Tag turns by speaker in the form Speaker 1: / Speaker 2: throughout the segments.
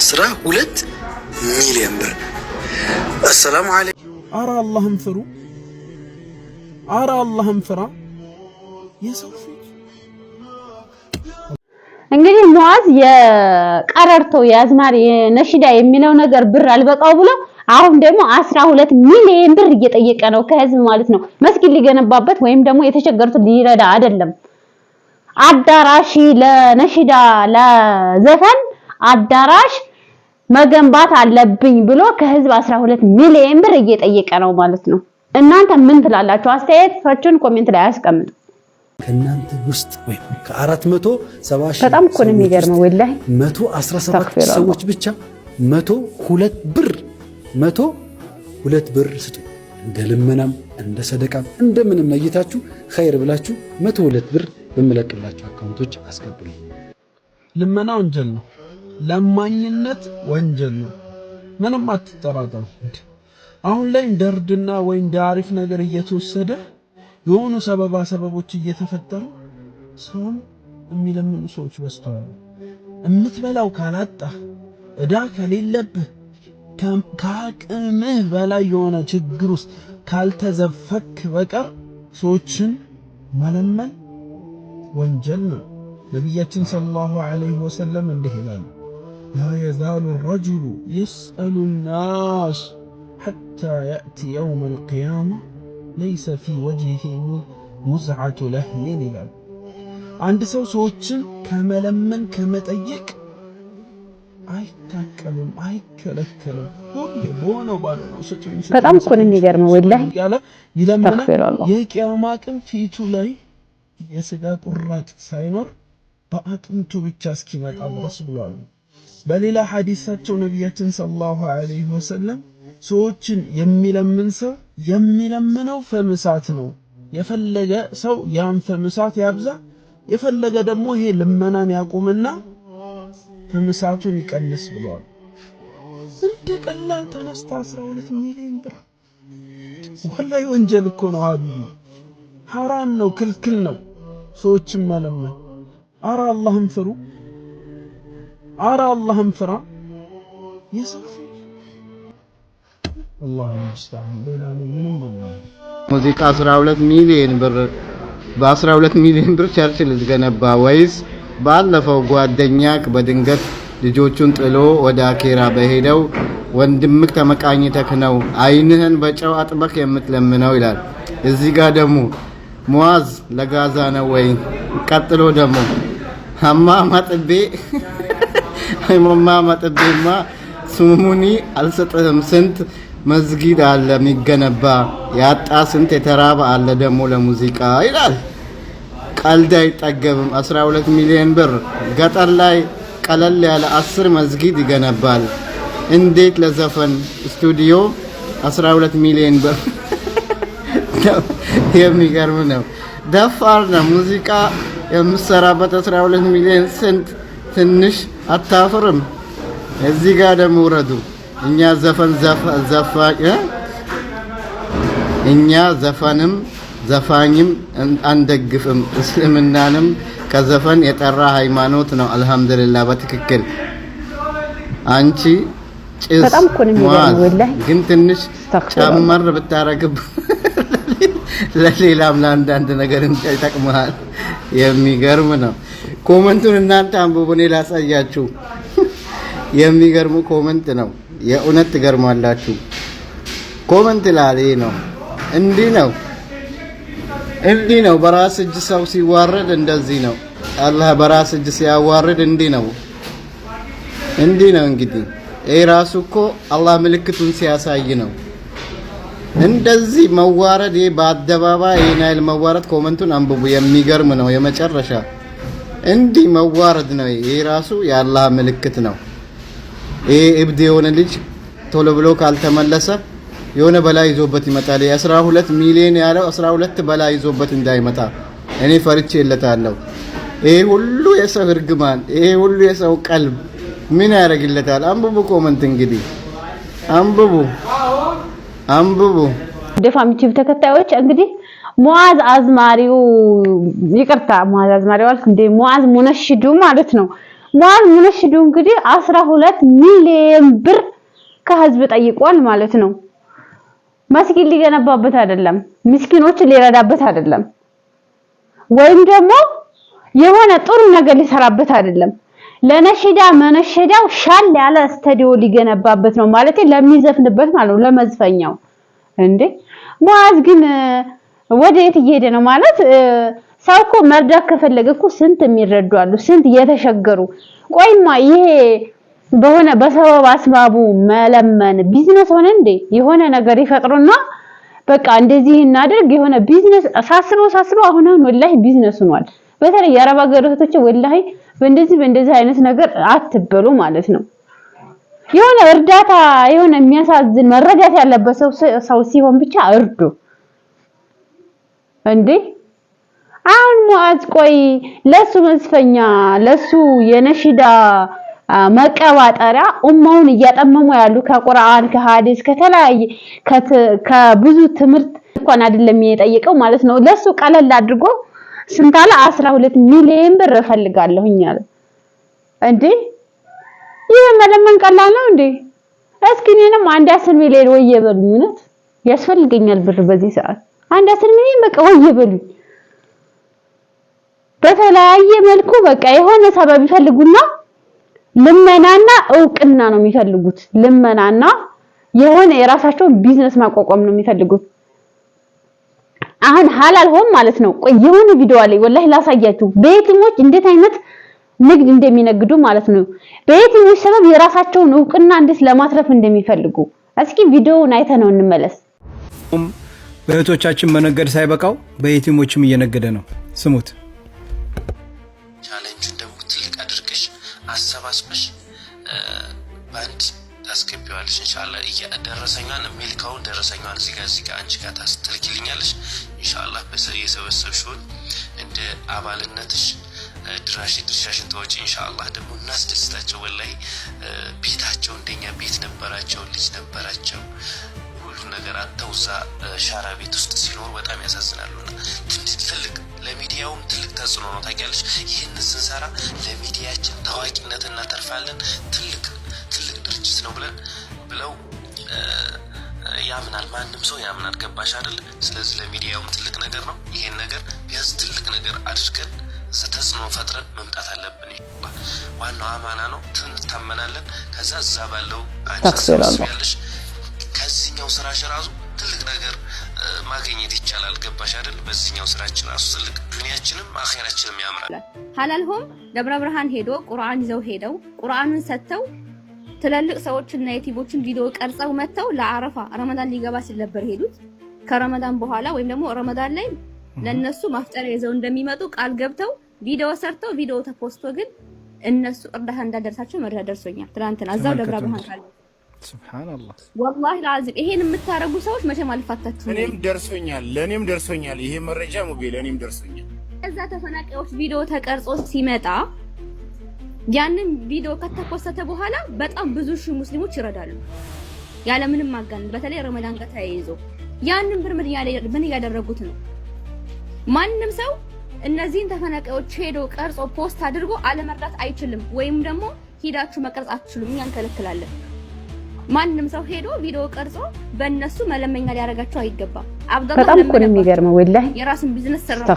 Speaker 1: አስራ ሁለት ሚሊዮን ብር። አሰላሙ አለ።
Speaker 2: አረ አላህም ፍሩ፣ አረ አላህም ፍራ።
Speaker 3: እንግዲህ ሙአዝ የቀረርተው የአዝማሪ የነሽዳ የሚለው ነገር ብር አልበቃው ብሎ አሁን ደግሞ አስራ ሁለት ሚሊዮን ብር እየጠየቀ ነው ከህዝብ ማለት ነው። መስጊድ ሊገነባበት ወይም ደግሞ የተቸገሩትን ሊረዳ አይደለም። አዳራሽ ለነሽዳ ለዘፈን አዳራሽ መገንባት አለብኝ ብሎ ከህዝብ 12 ሚሊዮን ብር እየጠየቀ ነው ማለት ነው። እናንተ ምን ትላላችሁ? አስተያየታችሁን ኮሜንት ላይ አስቀምጡ።
Speaker 4: ከእናንተ ውስጥ ወይም ከ470 ሺህ
Speaker 3: በጣም እኮ ነው የሚገርመው። ወላሂ
Speaker 4: 117 ሰዎች ብቻ 102 ብር 102 ብር ስጡ። እንደ ልመናም እንደ ሰደቃም እንደምንም ነይታችሁ ኸይር ብላችሁ 102 ብር በምለቅላችሁ አካውንቶች አስገብሉ።
Speaker 2: ልመና ወንጀል ነው። ለማኝነት ወንጀል ነው። ምንም አትጠራጠሩ። አሁን ላይ እንደ እርድና ወይ እንደ አሪፍ ነገር እየተወሰደ የሆኑ ሰበባ ሰበቦች እየተፈጠሩ ሰውን የሚለምኑ ሰዎች በስተዋል። እምትበላው ካላጣ እዳ ከሌለብህ ከአቅምህ በላይ የሆነ ችግር ውስጥ ካልተዘፈክ በቀር ሰዎችን መለመን ወንጀል ነው። ነቢያችን ሰለላሁ ዐለይሂ ወሰለም እንዲህ ይላሉ لا يزال الرجل يسأل الناس حتى يأتي يوم القيامة ليس في وجهه مزعة لهل لهل عند سو سوچن كملمن كمتأيك أي تكلم أي كلكلم هم يبونه بانو سوچن
Speaker 3: فتام كون النجار مولاه تغفر
Speaker 2: يك يا ماكم في تولاي يسجد قرات ساينور بأكم تو بتشاسكي مات عبر رسول በሌላ ሐዲሳቸው ነቢያችን ሰለላሁ ዐለይሂ ወሰለም ሰዎችን የሚለምን ሰው የሚለምነው ፈምሳት ነው። የፈለገ ሰው ያን ፈምሳት ያብዛ፣ የፈለገ ደግሞ ይሄ ልመናን ያቁምና ፈምሳቱን ይቀንስ ብለዋል። እንደ ቀላል ተነስታ 12 ሚሊዮን ብር ወላሂ ወንጀል እኮ ነው። ሀቢቢ ሐራም ነው፣ ክልክል ነው። ሰዎችን መለመን አረ አላህን ፍሩ። አረ አላህም ፍራ።
Speaker 5: ሙዚቃ 12 ሚሊዮን ብር በ12 ሚሊዮን ብር ቸርችል ልትገነባ ወይስ ባለፈው ጓደኛ በድንገት ልጆቹን ጥሎ ወደ አኬራ በሄደው ወንድምክ ተመቃኝተክ ነው አይንህን በጨው አጥበክ የምትለምነው ይላል። እዚህ ጋር ደግሞ ሙአዝ ለጋዛ ነው ወይ? ቀጥሎ ደግሞ ሀማም አጥቤ ሃይማማ መጠቤማ ስሙኒ አልሰጠም። ስንት መስጊድ አለ የሚገነባ ያጣ፣ ስንት የተራበ አለ ደግሞ ለሙዚቃ ይላል። ቀልድ አይጠገብም። 12 ሚሊዮን ብር ገጠር ላይ ቀለል ያለ 10 መስጊድ ይገነባል። እንዴት ለዘፈን ስቱዲዮ 12 ሚሊዮን ብር! የሚገርም ነው። ደፋር ነው። ሙዚቃ የምሰራበት 12 ሚሊዮን ስንት ትንሽ አታፍርም? እዚህ ጋር ደግሞ ውረዱ። እኛ ዘፈን ዘፋኝ እኛ ዘፈንም ዘፋኝም አንደግፍም። እስልምናንም ከዘፈን የጠራ ሃይማኖት ነው። አልሐምዱሊላህ በትክክል አንቺ ጭስ ግን ትንሽ ጨመር ብታረግብ ለሌላም ለአንዳንድ ነገር ይጠቅመሃል። የሚገርም ነው። ኮመንቱን እናንተ አንብቡ፣ እኔ ላሳያችሁ። የሚገርሙ ኮመንት ነው። የእውነት ትገርማላችሁ። ኮመንት ላሌ ነው። እንዲህ ነው፣ እንዲህ ነው። በራስ እጅ ሰው ሲዋረድ እንደዚህ ነው። አላህ በራስ እጅ ሲያዋርድ እንዲህ ነው፣ እንዲህ ነው። እንግዲህ ይህ ራሱ እኮ አላህ ምልክቱን ሲያሳይ ነው። እንደዚህ መዋረድ በአደባባይ ይህን ያህል መዋረድ። ኮመንቱን አንብቡ፣ የሚገርም ነው። የመጨረሻ እንዲህ መዋረድ ነው። ይሄ ራሱ የአላህ ምልክት ነው። ይሄ እብድ የሆነ ልጅ ቶሎ ብሎ ካልተመለሰ የሆነ በላይ ይዞበት ይመጣል። የአስራ ሁለት ሚሊዮን ያለው 12 ሁለት በላይ ይዞበት እንዳይመጣ እኔ ፈርቼ እለታለሁ። ይሄ ሁሉ የሰው እርግማን፣ ይሄ ሁሉ የሰው ቀልብ ምን ያደርግለታል? አንብቡ፣ ኮመንት እንግዲህ አንብቡ፣ አንብቡ።
Speaker 3: ደፋም ዩቲዩብ ተከታዮች እንግዲህ ሙዓዝ አዝማሪው ይቅርታ፣ ሙዓዝ አዝማሪው አልኩ እንዴ ሙዓዝ ሙነሽዱ ማለት ነው። ሙዓዝ ሙነሽዱ እንግዲህ አስራ ሁለት ሚሊዮን ብር ከህዝብ ጠይቋል ማለት ነው። መስጊድ ሊገነባበት አይደለም፣ ምስኪኖችን ሊረዳበት አይደለም፣ ወይም ደግሞ የሆነ ጥሩ ነገር ሊሰራበት አይደለም። ለነሽዳ መነሸዳው ሻል ያለ ስቱዲዮ ሊገነባበት ነው ማለት ለሚዘፍንበት ማለት ነው፣ ለመዝፈኛው እንዴ ሙዓዝ ግን ወደ የት እየሄደ ነው ማለት ሰው እኮ መርዳት ከፈለገ እኮ ስንት የሚረዱ አሉ፣ ስንት እየተሸገሩ። ቆይማ ይሄ በሆነ በሰበብ አስባቡ መለመን ቢዝነስ ሆነ እንዴ? የሆነ ነገር ይፈጥሩና በቃ እንደዚህ እናድርግ የሆነ ቢዝነስ ሳስበው ሳስበው አሁን አሁን ወላሂ ቢዝነስ ሆኗል። በተለይ የአረብ ሀገር እህቶች ወላሂ በእንደዚህ በእንደዚህ አይነት ነገር አትበሉ ማለት ነው። የሆነ እርዳታ የሆነ የሚያሳዝን መረዳት ያለበት ሰው ሲሆን ብቻ እርዱ። እንዴ አሁን ሙአዝ ቆይ ለሱ መዝፈኛ ለሱ የነሽዳ መቀባጠሪያ ኡማውን እያጠመሙ ያሉ ከቁርአን ከሐዲስ ከተለያየ ከብዙ ትምህርት እንኳን አይደለም የጠየቀው ማለት ነው። ለሱ ቀለል አድርጎ ስንታለ 12 ሚሊዮን ብር እፈልጋለሁኝ አለ። እንዴ ይህ መለመን ቀላል ነው እንዴ? እስኪ እኔንም አንድ አስር ሚሊዮን ወይ የበሉኝ እውነት ያስፈልገኛል ብር በዚህ ሰዓት አንድ አስር ሚሊዮን በቃ ወይ ይበሉኝ። በተለያየ መልኩ በቃ የሆነ ሰበብ ይፈልጉና ልመናና እውቅና ነው የሚፈልጉት። ልመናና የሆነ የራሳቸውን ቢዝነስ ማቋቋም ነው የሚፈልጉት። አሁን ሐላል ሆም ማለት ነው። ቆይ የሆነ ቪዲዮ አለ ወላሂ ላሳያችሁ፣ በየትኞች እንዴት አይነት ንግድ እንደሚነግዱ ማለት ነው። በየትኞች ሰበብ የራሳቸውን እውቅና እንዴት ለማትረፍ እንደሚፈልጉ እስኪ ቪዲዮውን አይተነው እንመለስ።
Speaker 6: በእህቶቻችን መነገድ ሳይበቃው በየቲሞችም እየነገደ ነው። ስሙት።
Speaker 7: ቻሌንጁን ደግሞ ትልቅ አድርገሽ አሰባስበሽ በአንድ ታስገቢዋለሽ። እንሻላ ደረሰኛን ሜልካውን ደረሰኛን እዚጋ እዚጋ አንቺ ጋ ታስተልኪልኛለሽ። እንሻላ የሰበሰብሽውን እንደ አባልነትሽ ድራሽ ድርሻሽን ተወጪ። እንሻላ ደግሞ እናስደስታቸው። ወላይ ቤታቸው እንደኛ ቤት ነበራቸው፣ ልጅ ነበራቸው። የሚያረግፍ ነገር አጥተው እዛ ሻራ ቤት ውስጥ ሲኖሩ በጣም ያሳዝናሉ። እና ትልቅ ለሚዲያውም ትልቅ ተጽዕኖ ነው። ታውቂያለሽ፣ ይህን ስንሰራ ለሚዲያችን ታዋቂነት እናተርፋለን፣ ትልቅ ትልቅ ድርጅት ነው ብለን ብለው ያምናል። ማንም ሰው ያምናል። ገባሽ አይደል? ስለዚህ ለሚዲያውም ትልቅ ነገር ነው። ይሄን ነገር ቢያንስ ትልቅ ነገር አድርገን እዛ ተጽዕኖ ፈጥረን መምጣት አለብን። ዋናው አማና ነው። ትንታመናለን። ከዛ እዛ ባለው
Speaker 3: ያለሽ
Speaker 7: በዚህኛው ስራሽ ራሱ ትልቅ ነገር ማግኘት ይቻላል። ገባሽ አይደል? በዚህኛው ስራችን ራሱ ትልቅ ዱኒያችንም አኼራችንም ያምራል።
Speaker 3: ሀላልሆም ደብረ ብርሃን ሄዶ ቁርአን ይዘው ሄደው ቁርአኑን ሰጥተው ትላልቅ ሰዎችና የቲቦችን ቪዲዮ ቀርጸው መጥተው ለአረፋ ረመዳን ሊገባ ሲል ነበር ሄዱት። ከረመዳን በኋላ ወይም ደግሞ ረመዳን ላይ ለእነሱ ማፍጠሪያ ይዘው እንደሚመጡ ቃል ገብተው ቪዲዮ ሰርተው ቪዲዮ ተፖስቶ ግን እነሱ እርዳታ እንዳደርሳቸው መረጃ ደርሶኛል። ትናንትና እዛው ደብረ ብርሃን ካለ
Speaker 8: ስብሓንላህ
Speaker 3: ወላሂ ለአዚም ይሄን የምታደርጉ ሰዎች መቼም አልፋታችሁም።
Speaker 9: እኔም ደርሶኛል፣ ለእኔም ደርሶኛል ይሄ መረጃ ሙቤ ለእኔም ደርሶኛል።
Speaker 3: እዛ ተፈናቃዮች ቪዲዮ ተቀርጾ ሲመጣ ያንን ቪዲዮ ከተኮሰተ በኋላ በጣም ብዙ ሺህ ሙስሊሞች ይረዳሉ ያለምንም ማጋነን። በተለይ ረመዳን ጋር ተያይዞ ያንን ብር ምን እያደረጉት ነው? ማንም ሰው እነዚህን ተፈናቃዮች ሄዶ ቀርጾ ፖስት አድርጎ አለመርዳት አይችልም። ወይም ደግሞ ሂዳችሁ መቅረጽ አትችሉም፣ እኛ እንከለክላለን። ማንም ሰው ሄዶ ቪዲዮ ቀርጾ በእነሱ መለመኛ ሊያደርጋቸው አይገባም። አብጋ በጣም እኮ ነው የሚገርመው። ወላሂ የራሱን ቢዝነስ ሰራ።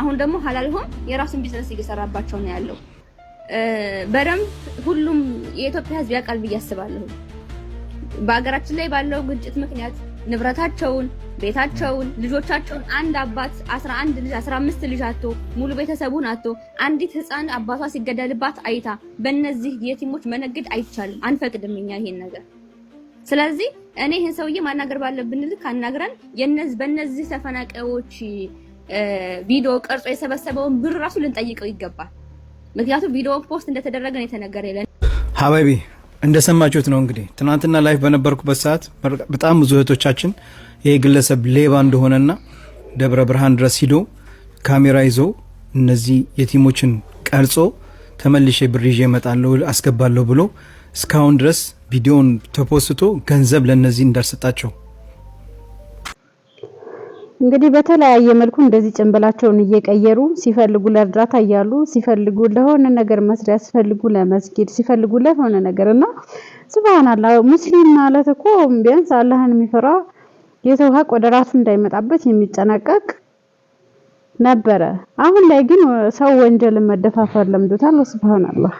Speaker 3: አሁን ደግሞ ሀላል ሆን የራሱን ቢዝነስ እየሰራባቸው ነው ያለው። በደንብ ሁሉም የኢትዮጵያ ሕዝብ ያውቃል ብዬ አስባለሁ። በሀገራችን ላይ ባለው ግጭት ምክንያት ንብረታቸውን፣ ቤታቸውን፣ ልጆቻቸውን አንድ አባት 11 ልጅ 15 ልጅ አቶ ሙሉ ቤተሰቡን አቶ አንዲት ህፃን አባቷ ሲገደልባት አይታ በእነዚህ የቲሞች መነገድ አይቻልም። አንፈቅድም እኛ ይሄን ነገር ስለዚህ እኔ ይህን ሰውዬ ማናገር ባለብን ልክ አናግረን በእነዚህ ተፈናቃዮች ቪዲዮ ቀርጾ የሰበሰበውን ብር ራሱ ልንጠይቀው ይገባል። ምክንያቱም ቪዲዮ ፖስት እንደተደረገ ነው የተነገረ የለን
Speaker 6: ሀበቢ እንደሰማችሁት ነው እንግዲህ ትናንትና ላይፍ በነበርኩበት ሰዓት በጣም ብዙ እህቶቻችን ይህ ግለሰብ ሌባ እንደሆነና ደብረ ብርሃን ድረስ ሂዶ ካሜራ ይዞ እነዚህ የቲሞችን ቀርጾ ተመልሼ ብር ይዤ እመጣለሁ አስገባለሁ ብሎ እስካሁን ድረስ ቪዲዮን ተፖስቶ ገንዘብ ለእነዚህ እንዳልሰጣቸው
Speaker 3: እንግዲህ በተለያየ መልኩ እንደዚህ ጭንብላቸውን እየቀየሩ ሲፈልጉ ለእርዳታ እያሉ ሲፈልጉ ለሆነ ነገር መስሪያ ሲፈልጉ ለመስጊድ ሲፈልጉ ለሆነ ነገር እና ስብሃናላ ሙስሊም ማለት እኮ ቢያንስ አላህን የሚፈራ የተው ሀቅ ወደ ራሱ እንዳይመጣበት የሚጠናቀቅ ነበረ። አሁን ላይ ግን ሰው ወንጀልን መደፋፈር ለምዶታል። ስብሃናላህ